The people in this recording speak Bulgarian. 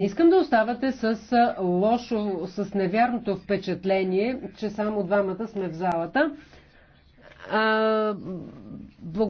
Искам да оставате с лошо, с невярното впечатление, че само двамата сме в залата. А,